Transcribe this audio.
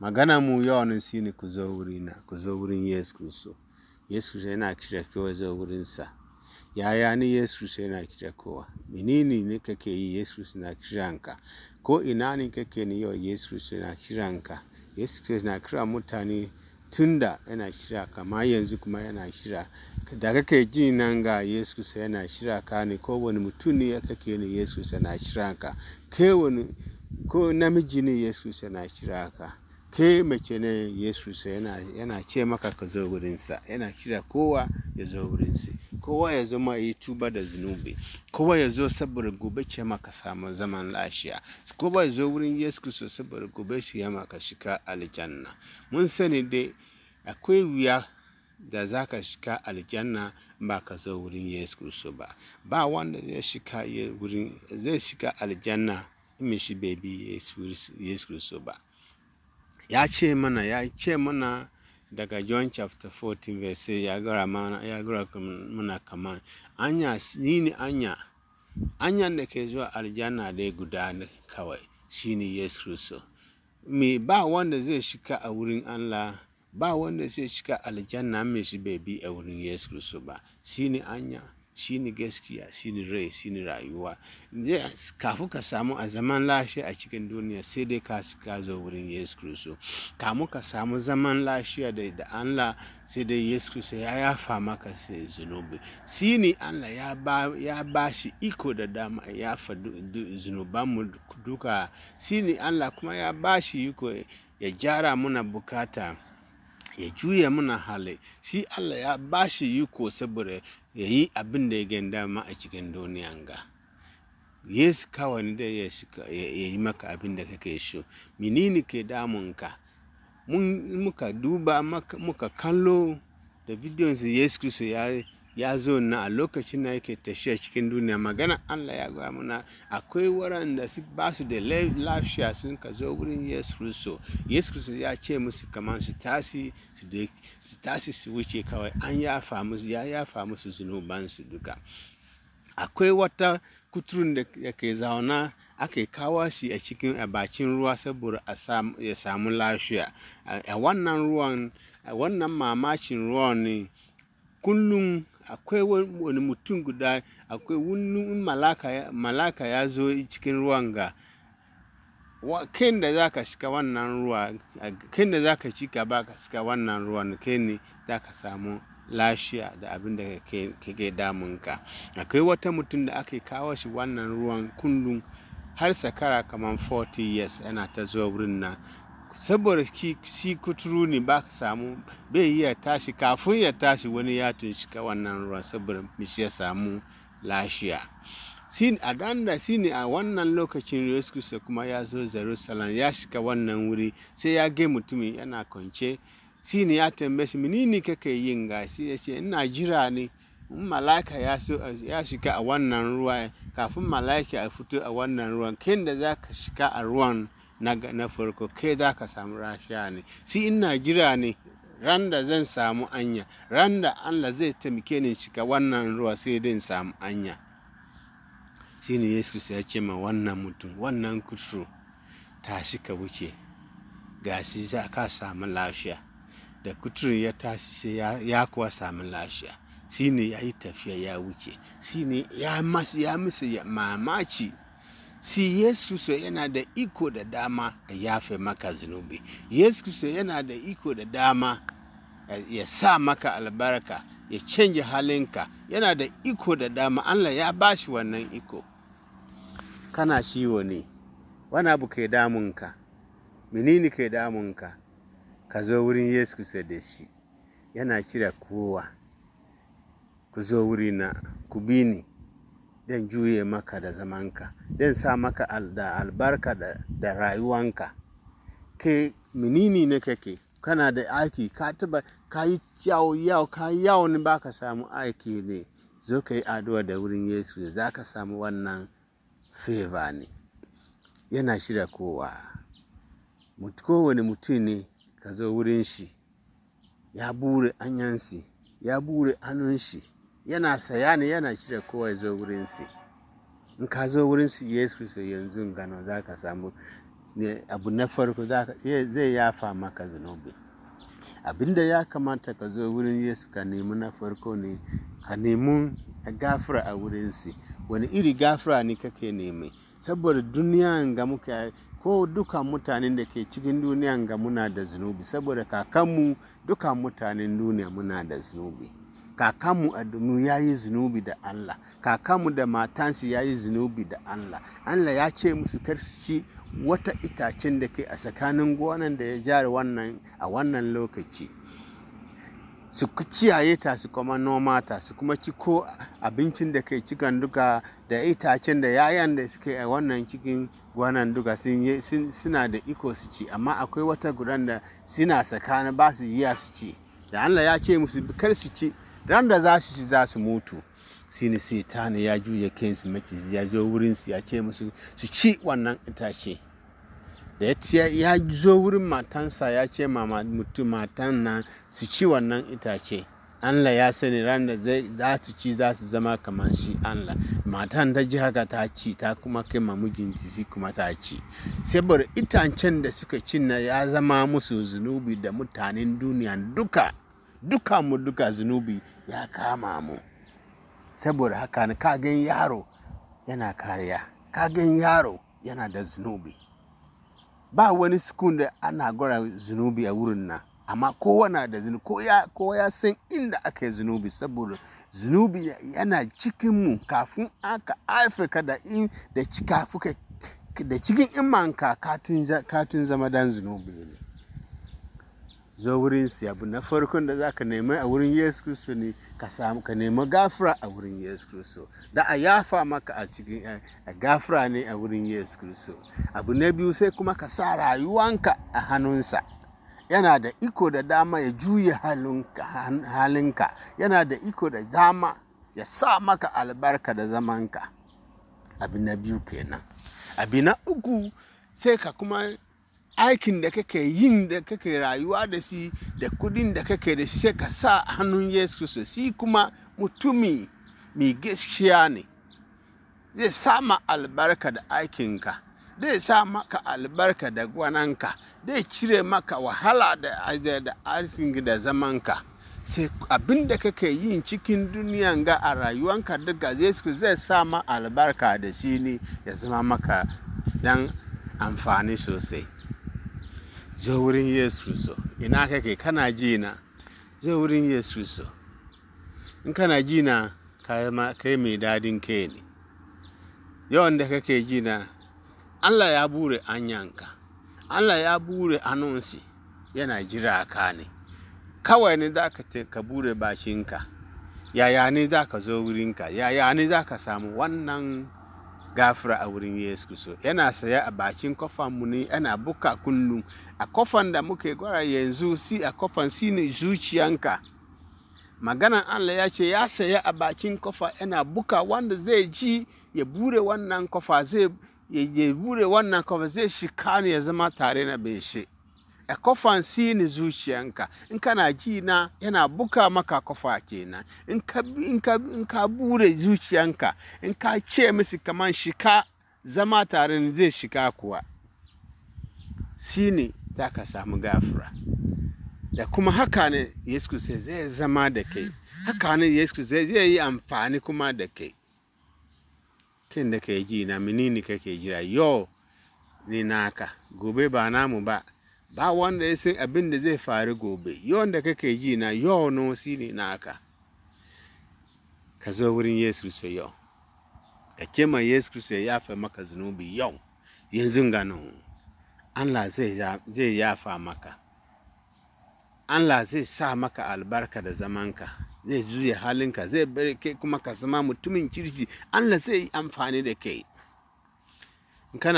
magana mu nan shi ne ku zo wurina ku zo wurin yesu kristo yesu kristo yana kira kowa zo sa, yaya ni yesu kristo yana kira kowa menene ne kake yi yesu kristo na kiranka ko ina ne kake ni yau yesu kristo yana kiranka yesu kristo na kira mutane tunda yana kira kama yanzu kuma yana kira da kake ji nan ga yesu kristo yana kira ka ne ko wani mutum ne kake ni yesu kristo yana kira ka ke wani ko namiji ne yesu kristo yana kira ka ke mace ne yesu yana, yana ce maka ka zo wurinsa yana kira kowa ya zo wurinsa kowa ya zama yi tuba da zunubi kowa ya zo saboda gobe ce maka samu zaman lafiya kowa ya zo wurin yesu kristo saboda gobe su yi maka shika aljanna mun sani dai akwai wuya da za ka shika aljanna ba ka zo wurin yesu kristo ba ba wanda zai shika wurin zai shika aljanna in shi yesu kristo ba ya ce mana ya ce mana daga john chapter 14 verse ya gara mana ya gara mana kaman anya ni anya anyan da ke zuwa aljanna dai guda ne kawai shine yesu kristo me ba wanda zai shika a wurin allah ba wanda zai shika aljanna mai shi bai bi a wurin yesu kristo ba shine anya ne gaskiya sini rai sini rayuwa kafin ka samu a zaman lafiya a cikin duniya sai dai ka ka zo wurin yesu kristo kamu ka samu zaman lafiya da allah sai dai yesu kristo ya yafa maka sai zunubi shine allah ya ba ya ba shi iko da dama ya fa zunuban mu duka an allah kuma ya ba shi iko ya jara muna bukata ya juya mana hali shi Allah ya ba shi yiko saboda ya yi abin da ya ganda dama a cikin duniyan ga yesu kawai ne da ya yi maka abin da kake so menene ke damunka muka duba muka kallo da bidiyon yesu kristo ya ya zo na a lokacin na yake tafiya cikin duniya magana allah ya gaya muna akwai waɗanda ba su da lafiya sun ka zo wurin yesu kristo yesu kristo ya ce musu kamar su tasi su tasi su wuce kawai an ya famu ya yafa musu zunubansu duka akwai wata kuturun da ke zauna aka kawo shi a cikin a bakin ruwa saboda ya samu lafiya a wannan ruwan a wannan mamacin ruwan ne kullum akwai wani mutum guda akwai wani malaka malaka ya zo cikin ruwan ga ken da za ka shiga wannan ruwa ken da za ka ci gaba ka shiga wannan ruwan ken ne za ka samu lafiya da abin da kake damunka akwai wata mutum da aka kawo shi wannan ruwan kullum har sakara kamar 40 years yana ta zuwa wurin nan saboda shi kuturu ne ba ka samu bai iya tashi kafin ya tashi wani ya tunshika wannan ruwa saboda mishi ya samu lashiya a da shi ne a wannan lokacin yesu kristo kuma ya zo jerusalem ya shiga wannan wuri sai ya ga mutumin yana kwance shi ne ya tambaye shi kaka kake yin ga ya ce ina jira ne in mala'ika ya shiga a wannan ruwa kafin mala'ika ya fito a wannan ruwan kin da za ka shiga a ruwan na farko kai za ka samu rashiya ne si ina jira ne ran da zan samu anya ran da allah zai taimake ni cika wannan ruwa sai dai samu anya si ne yesu ya ce ma wannan mutum wannan kuturu shi ka wuce ga shi za ka samu lafiya da kuturu ya tashi sai ya kuwa samu lafiya shi ne ya yi tafiya ya wuce shi ne ya masu ya mamaci Si yesu kristo yana da iko da dama a yafe maka zunubi yesu kristo yana da iko da dama eh, ya sa maka albarka ya canja halinka yana da iko da dama allah ya ba shi wannan iko kana ciwo ne wani abu ke damunka menene ke damunka ka zo wurin yesu kristo da shi yana kira kowa ku zo wurina ku bi ni dan juye maka da zamanka dan sa maka da albarka da, da rayuwanka ke menini ne kake kana da aiki ka taba ka yi yawo yawo ka yi yawo ne ba ka samu aiki ne zo ka yi addu'a da wurin yesu za ka samu wannan feva ne yana shirya kowa kowane mutum ne ka zo wurin shi ya bure anyansi ya bure hannun shi yana saya ne yana cire kowai ya zo wurinsu in ka zo wurinsu yesu kristo yanzu gano za ka samu abu na farko zai yafa maka zunubi abinda ya kamata ka zo wurin yesu ka nemi na farko ne ka nemi gafara a wurinsu wani iri gafara ne kake nemi saboda duniya ga muka ko duka mutanen da ke cikin duniya ga muna da zunubi saboda kakanmu duka mutanen duniya muna da zunubi kakanmu dunu ya yi zunubi da Allah kakanmu da matansu ya yi zunubi da Allah Allah ya ce musu kar ci wata itacen da ke a tsakanin gonan da ya jari wannan a wannan lokaci su ciyaye ta su kuma noma ta su kuma ci ko abincin da ke cikin duka da itacen da yayan da suke a wannan cikin gwanan duka suna da iko su ci amma akwai wata gudan da suna tsakanin ba su yi su ci da Allah ya ce musu kar su ci ran da za su ci za su mutu ne satan ya juya kansu maciji ya zo wurin ya ce musu su ci wannan itace da ya zo wurin matansa ya ce mutum matan nan su ci wannan itace Allah ya sani ran da za su ci za su zama kamar shi Allah matan ta ji haka ta ci ta kuma kai ma mijinta shi kuma ta ci saboda itancen da suka na ya zama musu zunubi da mutanen duniya duka duka mu duka zunubi ya kama mu saboda haka ka gan yaro yana kariya ka yaro yana da zunubi ba wani sukun da ana gwara zunubi a wurin nan amma kowa na da zunubi ko ya san inda aka yi zunubi saboda zunubi yana cikin cikinmu kafin aka haife ka da in da da cikin imanka katun zama dan zunubi ne zo wurin su abu na farkon da za ka nema a wurin yesu kristo ne ka samu ka nema gafura a wurin yesu kristo da a yafa maka a cikin eh, a gafura ne a wurin yesu kristo abu na biyu sai kuma ka sa rayuwanka a hannunsa yana da iko da dama ya juya halinka yana da iko da dama ya sa maka albarka da zamanka abu na biyu kenan abu na uku sai ka kuma aikin da kake yin da kake rayuwa da si da kudin da kake da shi sai ka sa hannun yesu su shi kuma mutumi mai gaskiya ne zai sama albarka da aikinka zai sa maka albarka da gwananka zai cire maka wahala da aikin da zamanka sai abin da kake yin cikin duniyan ga a rayuwanka duka zai sa albarka da shi ne ya zama maka dan amfani sosai zo wurin yesu so ina kake kana ji na zo wurin yesu so in kana ji na kai mai dadin kai ne yawan da kake ji na allah ya bure anyanka allah ya bure anunsi yana jira ka ne kawai ne za ka ka bure bashinka yaya ne za ka zo wurinka yaya ne za ka samu wannan gafira a wurin yesu so yana saya a bakin kofanmu ne yana buka kullum a kofan da muke gwara yanzu si a kofan si ne zuciyanka maganan allah ya ce ya saya a bakin kofa yana buka wanda zai ji ya bure wannan kofa zai ya bure wannan kofa zai shika ne ya zama tare na shi a kofan si ne zuciyanka in kana ji na yana buka maka kofa kenan in ka bure zuciyanka in ka ce musu kaman shika zama tare zai shika kuwa shi ne za ka samu gafura da kuma haka ne yesu kristo zai zama da kai haka ne yesu kristo zai yi amfani kuma da kai kin da kai ji na menene kake jira yau ni naka gobe ba namu ba ba wanda ya san abin da zai faru gobe yau da kake ji na yau no si ne naka ka zo wurin yesu kristo yau ka kema yesu kristo ya fi maka zunubi yau yanzu ganin Allah zai yafa maka Allah zai sa maka albarka da zamanka zai juya halinka zai bari kai kuma ka zama mutumin kirji Allah zai yi amfani da kai